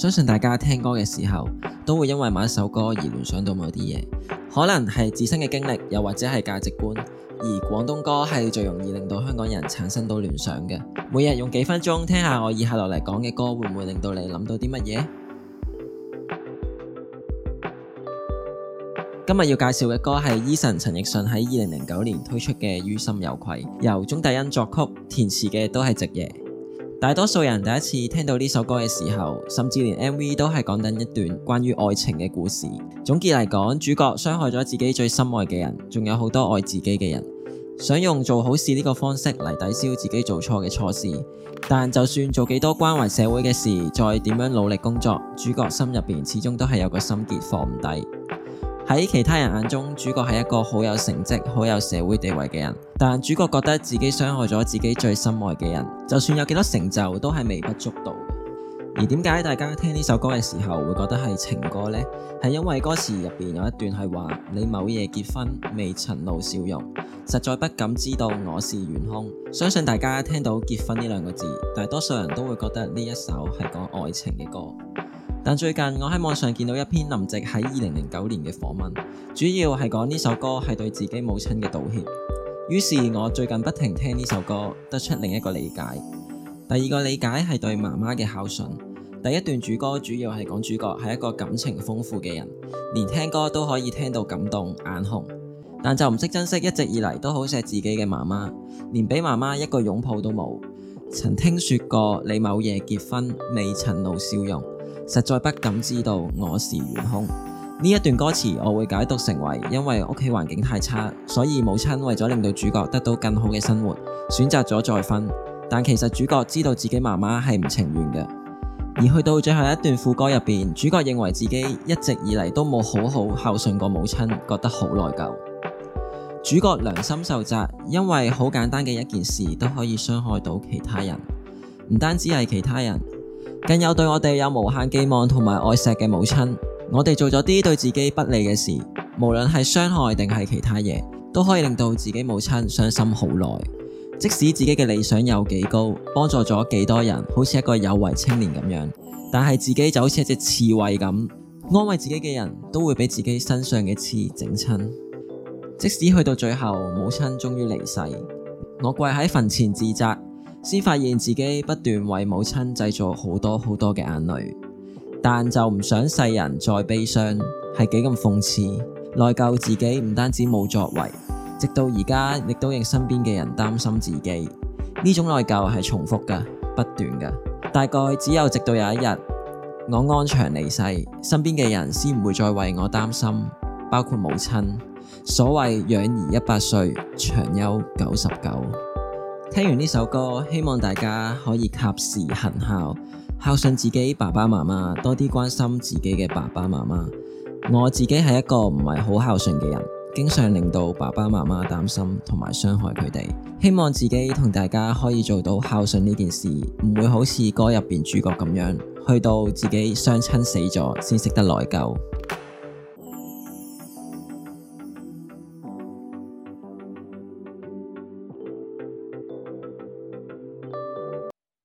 相信大家聽歌嘅時候，都會因為某一首歌而聯想到某啲嘢，可能係自身嘅經歷，又或者係價值觀。而廣東歌係最容易令到香港人產生到聯想嘅。每日用幾分鐘聽下我以下落嚟講嘅歌，會唔會令到你諗到啲乜嘢？ 今日要介紹嘅歌係 Eason 陳奕迅喺二零零九年推出嘅《于心有愧》，由鍾達茵作曲、填詞嘅都係夕爺。大多數人第一次聽到呢首歌嘅時候，甚至連 MV 都係講緊一段關於愛情嘅故事。總結嚟講，主角傷害咗自己最深愛嘅人，仲有好多愛自己嘅人，想用做好事呢個方式嚟抵消自己做錯嘅錯事。但就算做幾多關懷社會嘅事，再點樣努力工作，主角心入面始終都係有個心結放唔低。喺其他人眼中，主角係一個好有成績、好有社會地位嘅人，但主角覺得自己傷害咗自己最心愛嘅人，就算有幾多成就都係微不足道。而點解大家聽呢首歌嘅時候會覺得係情歌咧？係因為歌詞入邊有一段係話，你某夜結婚，未曾露笑容，實在不敢知道我是元兇，相信大家聽到結婚呢兩個字，大多數人都會覺得呢一首係講愛情嘅歌。但最近我喺網上見到一篇林夕喺二零零九年嘅訪問，主要係講呢首歌係對自己母親嘅道歉。於是我最近不停聽呢首歌，得出另一個理解。第二個理解係對媽媽嘅孝順。第一段主歌主要係講主角係一個感情豐富嘅人，連聽歌都可以聽到感動眼紅，但就唔識珍惜，一直以嚟都好錫自己嘅媽媽，連俾媽媽一個擁抱都冇。曾聽說過你某夜結婚，未曾露笑容。實在不敢知道我是元兇。呢一段歌詞，我會解讀成為因為屋企環境太差，所以母親為咗令到主角得到更好嘅生活，選擇咗再婚。但其實主角知道自己媽媽係唔情願嘅。而去到最後一段副歌入邊，主角認為自己一直以嚟都冇好好孝順過母親，覺得好內疚。主角良心受責，因為好簡單嘅一件事都可以傷害到其他人，唔單止係其他人。更有對我哋有無限寄望同埋愛錫嘅母親，我哋做咗啲對自己不利嘅事，無論係傷害定係其他嘢，都可以令到自己母親傷心好耐。即使自己嘅理想有幾高，幫助咗幾多人，好似一個有為青年咁樣，但係自己就好似一隻刺蝟咁，安慰自己嘅人都會俾自己身上嘅刺整親。即使去到最後，母親終於離世，我跪喺墳前自責。先發現自己不斷為母親製造好多好多嘅眼淚，但就唔想世人再悲傷，係幾咁諷刺，內疚自己唔單止冇作為，直到而家亦都令身邊嘅人擔心自己，呢種內疚係重複㗎，不斷㗎，大概只有直到有一日我安詳離世，身邊嘅人先唔會再為我擔心，包括母親。所謂養兒一百歲，長憂九十九。聽完呢首歌，希望大家可以及時行孝，孝順自己爸爸媽媽，多啲關心自己嘅爸爸媽媽。我自己係一個唔係好孝順嘅人，經常令到爸爸媽媽擔心同埋傷害佢哋。希望自己同大家可以做到孝順呢件事，唔會好似歌入邊主角咁樣，去到自己雙親死咗先識得內疚。